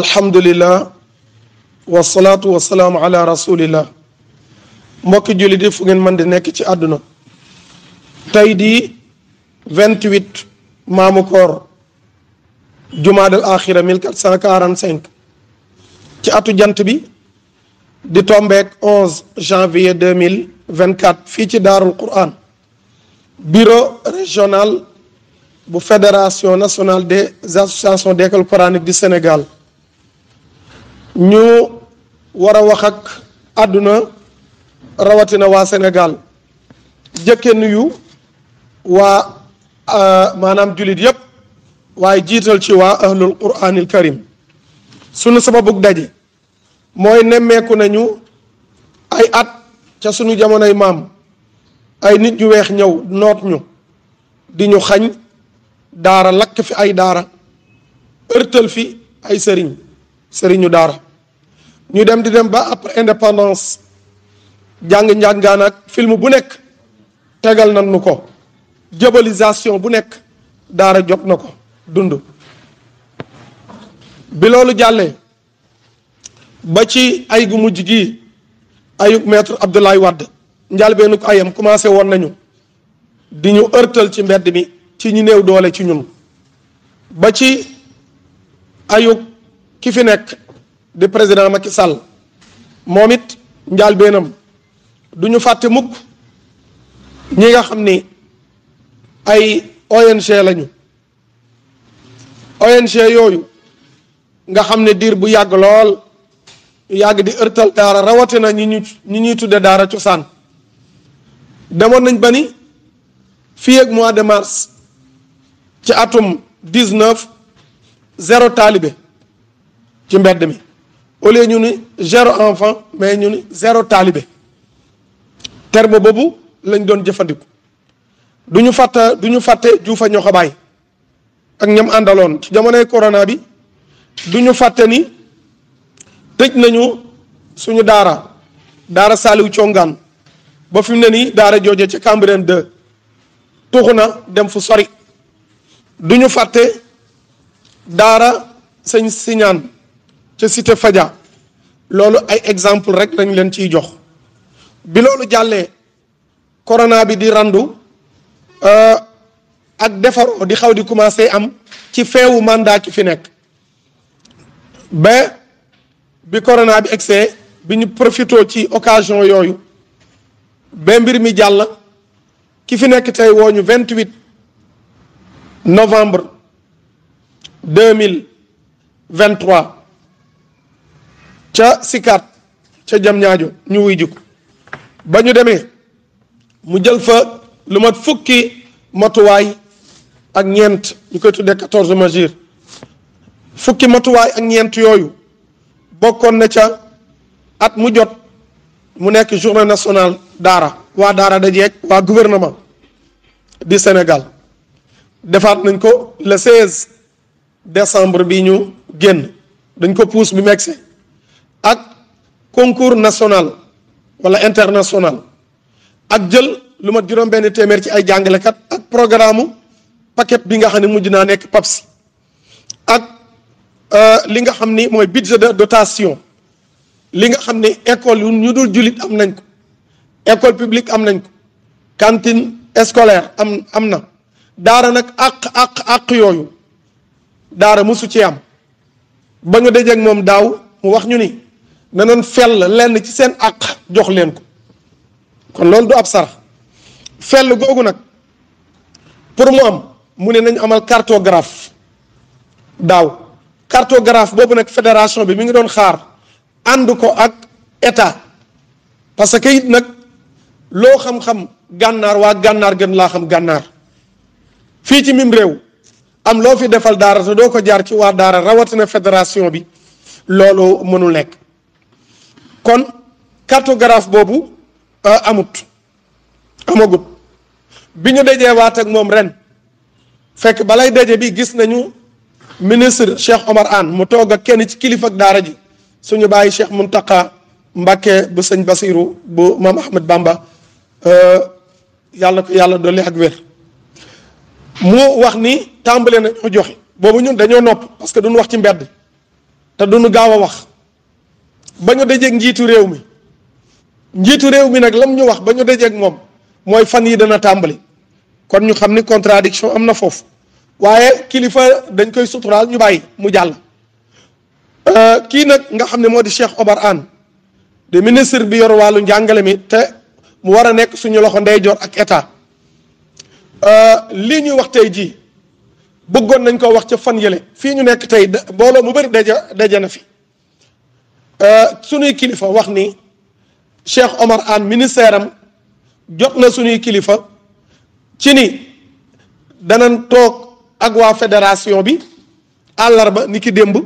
alhamdulillah wasalaatu wasalaamu ala rasulillah mbokki jullit yi fu ngeen mën di nekk ci àdduna tey di 28 maamu koor jumaadal axira 1445 ci atu jant bi di tombeek 11 janvier 2024 fii ci daarul quran bureau régional bu fédération nationale des associations d'école coranique du Sénégal ñu war a wax àdduna rawatina waa Sénégal jëkke nuyu waa euh, maanaam jullit yépp waaye jiital ci waa ahlul quraanil karim sunu sababug daje mooy nemmeeku nañu ay at ca sunu jamonoy maam ay nit ñu weex ñëw noot ñu di ñu xañ daara lakk fi ay daara ërtal fi ay sëriñ seriñu daara ñu dem di dem ba après indépendance jàng njàngaan ak film bu nekk tegal nan nu ko diabolisation bu nekk daara jot na ko dund bi loolu jàllee ba ci ay gu mujj gi ayuk maître Abdoulaye Wade njalbeenu ko ayam commencé woon nañu di ñu ërtal ci mbedd mi ci ñu néew doole ci ñun ba ci ayuk ki fi nekk di président Macky Sall moom it njaal beenam du ñu fàtte mukk ñi nga xam ni ay ONG lañu ONG yooyu nga xam ne diir bu yàgg lool yàgg di ërtal daara rawatina ñi ñu ñi ñuy tudde daara cosaan demoon nañ ba ni fii ak mois de mars ci atum dix-neuf zéro taalibe ci mbedd mi au lieu ñu ni zéro enfant mais ñu ni zéro taalibe terme boobu lañ doon jëfandiku du ñu fàtta fàtte juufa ñoo ak ñam àndaloon ci jamonoy corona bi du ñu fàtte ni tëj nañu suñu daara daara saaliw congaan ba fi mu ne nii daara jooje ci Cambérène 2 tuxu na dem fu sori du ñu fàtte daara sëñ siñaan ca cité faja loolu ay exemple rek lañ leen ciy jox bi loolu jàllee corona bi di randu euh, ak defar di xaw di commencé am ci feewu mandat ki fi nekk ba bi corona bi egsee bi ñu profité ci occasion yooyu ba mbir mi jàll ki fi nekk tey woo ñu 28 novembre 2023 ca Sikat ca jam ñaajo ñu wuy jiko ba ñu demee mu jël fa lu mat fukki matuwaay ak ñeent ñu koy tuddee quatorze mesures fukki matuwaay ak ñeent yooyu bokkoon na ca at mu jot mu nekk journée nationale daara waa daara da dajeeg waa gouvernement di Sénégal defaat nañ ko le 16 décembre bi ñu génn dañ ko puus bi megsee ak concours national wala international ak jël lu ma juróom-benn téeméer ci ay jàngalekat ak programme paquet bi nga xam ne mujj naa nekk PAPS ak euh, li nga xam ni mooy budget de dotation li nga xam ne école yu ñu dul jullit am nañ ko école publique am nañ ko cantine scolaire am am na daara nag àq àq àq yooyu daara mosu ci am ba nga dëjeeg moom daaw mu wax ñu ni danañ fell lenn ci seen àq jox leen ko kon loolu du ab sarax fell googu nag pour mu am mu ne nañ amal cartographe daaw cartographe boobu nag fédération bi mi ngi doon xaar ànd ko ak état parce que it nag loo xam-xam gànnaar waa gànnaar gën laa xam gànnaar fii ci mim réew am loo fi defal daara te doo ko jaar ci waa daara rawatina fédération bi loolu mënul nekk kon cartographe boobu euh, amut amagut bi ñu dajee waat moom ren fekk balay daje bi gis nañu ministre Cheikh Omar Anne mu toog ak kenn ci kilifa daara ji suñu bàyyi Cheikh Muntaka Mbàkke bu sëñ Basiru bu maam Ahmed Bamba euh, yàlla ko yàlla doo ak wér mu wax ni tàmbale na joxe boobu ñun dañoo nopp parce que duñu wax ci mbedd te du gaaw a wax ba ñu dajeeg njiitu réew mi njiitu réew mi nag lam ñu wax ba ñu dajeeg moom mooy fan yi dana tàmbali kon ñu xam ni contradiction am na foofu waaye kilifa dañ koy suturaal ñu bàyyi mu jàll euh, kii nag nga xam ne moo di Cheikh Omar Anne de ministre bi yor wàllu njàngale mi te mu war a nekk suñu loxo ndeyjoor ak état euh, lii ñuy wax tey jii bëggoon nañ ko wax ca fan yële fii ñu nekk tey booloo mu bari daje daje na fi Euh, suñuy kilifa wax ni Cheikh Omar Anne ministère am jot na suñuy kilifa ci ni danañ toog ak waa fédération bi àllarba ni ki démb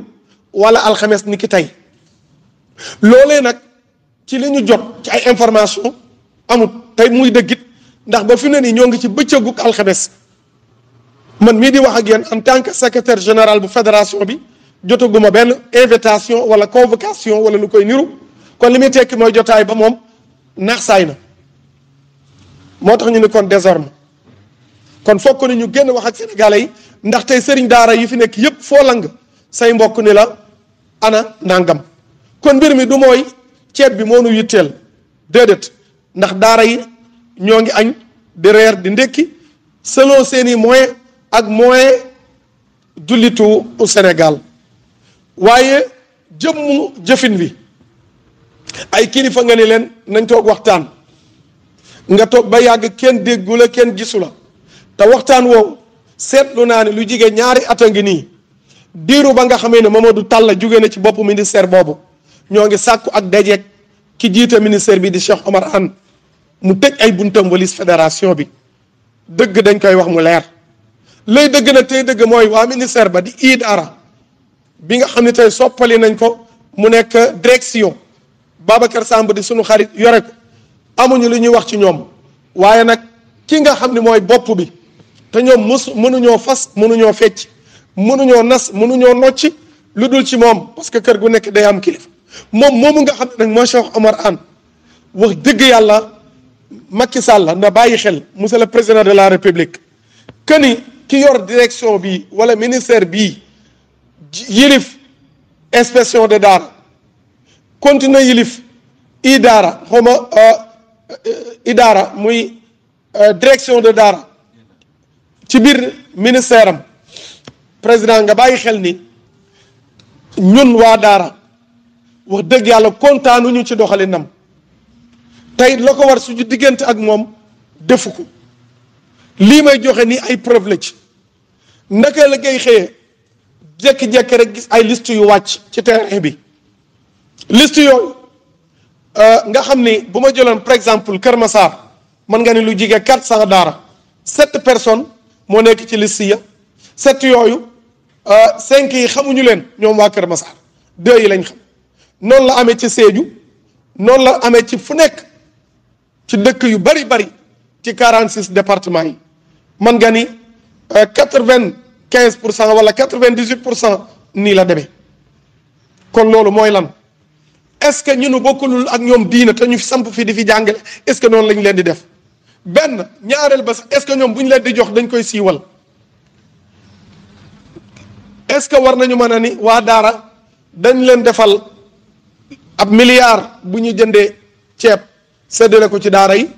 wala alxames ni ki tey loolee nag ci li ñu jot ci ay information amut tey muy dëggit ndax ba fi na nii ñoo ngi ci bëccëgug alxemes man mii di wax ak yéen en tant que secrétaire général bu fédération bi jotaguma benn invitation wala convocation wala nu koy niru kon li muy tekki mooy jotaay ba moom naax saay na moo tax ñu ne kon désormais kon fokk ne ñu génn wax ak sénégalais yi ndax tey sëriñ daara yi fi nekk yépp foo lang say mbokk ni la ana nangam kon mbir mi du mooy ceeb bi moo nu yitteel déedéet ndax daara yi ngi añ di reer di ndékki selon seeni moyen ak moyen jullitu Sénégal waaye jëmmu jëfin bi ay kilifa nga ni leen nañ toog waxtaan nga toog ba yàgg kenn déggu la kenn gisu la te waxtaan woow seetlu naa ne lu jige ñaari at a ngi nii diiru ba nga xamee ne Mamadou Talla jóge na ci bopp ministère boobu ñoo ngi sàkku ak dajeeg ki jiite ministère bi di Cheikh Omar Anne mu tëj ay buntam walis fédération bi dëgg dañ koy wax mu leer lay dëgg nag tey dëgg mooy waa ministère ba di iid ara bi nga xam ne tey soppali nañ ko mu nekk direction Babacar Samb di suñu xarit yore ko amuñu lu ñuy wax ci ñoom waaye nag ki nga xam ne mooy bopp bi te ñoom mos mënuñoo fas mënuñoo fecc mënuñoo nas mënuñoo nocci lu dul ci moom parce que kër gu nekk day am kilifa moom moo mu nga xam ne nag mooy Cheikh Omar Anne wax dëgg yàlla Macky Sall na bàyyi xel monsieur le président de la république que ni ki yor direction bi wala ministère bii yilif inspection de daara continué yilif i daara xawma euh, euh, i daara muy euh, direction de daara ci biir ministère am président nga bàyyi xel ni ñun waa daara wax dëgg yàlla kontaanuñu ci doxalinam tey la ko war suñu diggante ak moom defu ko lii may joxe ni ay preuve la ci naka la ngay xëyee jékki-jékki rek gis ay list yu wàcc ci terrain bi liste yooyu euh, nga xam ni bu ma jëloon par exemple Kër Massar mën nga ni lu jige quatre cent daara sept personnes moo nekk ci liste ya sept yooyu euh, cinq yi xamuñu leen ñoom waa Kër Massar deux yi lañ xam noonu la amee ci Sédhiou noonu la amee ci fu nekk ci dëkk yu bari bari ci quarante six départements yi mën nga ni euh, quatre vingt quinze pour cent wala quatre-vingt-dix-huit pour cent nii la demee kon loolu mooy lan est-ce que ñu nu bokkulul ak ñoom diina te ñu samp fii di fi jàngale est-ce que noonu lañ leen di def benn ñaareel ba sax est-ce que ñoom bu ñu leen di jox dañ koy siiwal est-ce que war nañu mën a ni waa daara dañ leen defal ab milliard bu ñu jëndee ceeb seddale ko ci daara yi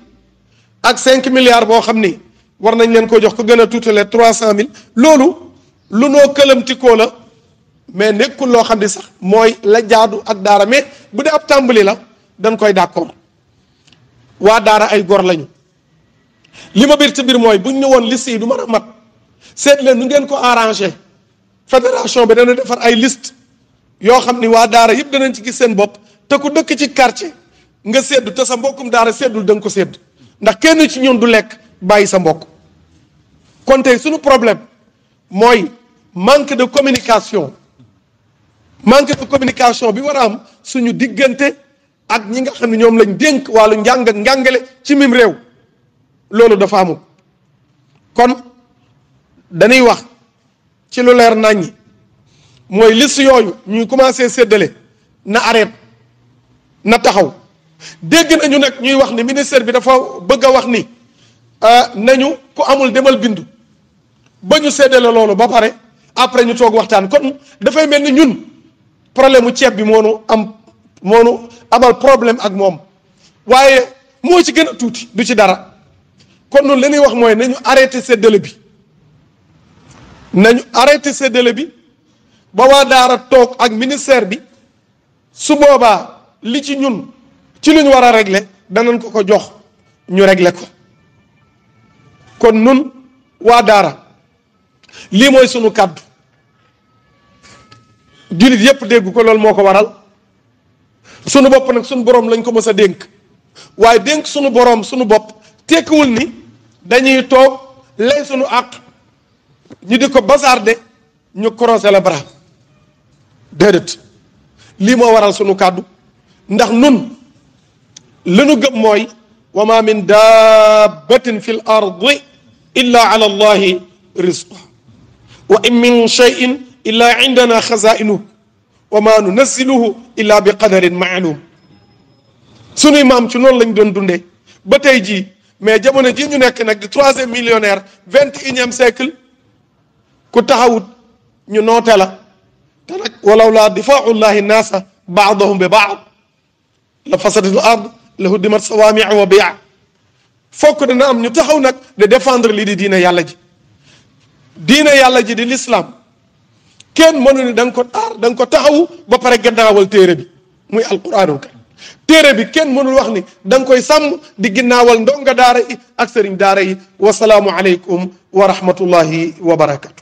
ak cinq milliards boo xam ni war nañ leen ko jox ko gën a tuutale trois cent mille loolu lu noo këlamtikoo la mais nekkul loo xam ne sax mooy la jaadu ak daara mais bu dee ab tàmbali la dañ koy d'accord waa daara ay gor lañu li ma biir ci biir mooy buñ ne woon liste yi du mën a mat seet leen nu ngeen ko arrangé fédération bi dana defar ay liste yoo xam ni waa daara yëpp danañ ci gis seen bopp te ku dëkk ci quartier nga sedd te sa mbokkum daara séddul danga ko sedd ndax kenn ci ñun du lekk bàyyi sa mbokk kon tey suñu problème mooy manque de communication manque de communication bi war a am suñu diggante ak ñi nga xam ne ñoom lañ dénk wàllu njàng njàngale ci mim réew loolu dafa amul kon dañuy wax ci lu leer naññi mooy liste yooyu ñu commencé séddale na arrêt na taxaw dégg nañu nekk ñuy wax ni ministère bi dafa bëgg a wax ni Euh, nañu ku amul demal bindu ba ñu séddale loolu ba pare après ñu toog waxtaan kon dafay mel ni ñun problème mu ceeb bi moo nu am moo nu amal problème ak moom waaye moo ci gën a tuuti du ci dara kon noonu la wax mooy nañu arrêté séddale bi nañu arrêté seddale bi ba waa daara toog ak ministère bi su boobaa li ci ñun ci lu ñu war a regle danañ ko ko jox ñu regle ko. kon nun waa daara lii mooy sunu kàddu jullit yépp dégg ko loolu moo ko waral sunu bopp nag sunu boroom lañ ko mës a dénk waaye dénk sunu boroom sunu bopp tekkiwul ni dañuy toog lay sunu àq ñu di ko bazarde ñu croiser les bras déedéet lii moo waral sunu kàddu ndax nun li nu gëm mooy wa ma min daabatin fi l illaa ala allahi risqa wa in min cheyin illaa indana xazainuhu wa maa nunazziluhu illaa bi qadarin maalum sunuy maam ci noonu lañ doon dundee ba tey jii mais jamono ji ñu nekk nag di troisième millionnaire vingt et unième siècle ku taxawut ñu noote la te nag walaw laa difaau llahi naasa baadahum bi baad la fasadatu ard la huddimat sawaamiu wa biyaa fokk dana am ñu taxaw nag de défendre lii di diina yàlla ji diina yàlla ji di lislaam kenn mënu ni da nga ko aar da ko taxawu ba pare gannaawal téere bi muy alquraanul karim téere bi kenn mënul wax ni da nga koy sàmm di ginnaawal ndonga daara yi ak sëriñ daara yi wasalaamu aleykum wa rahmatullahi wa barakatu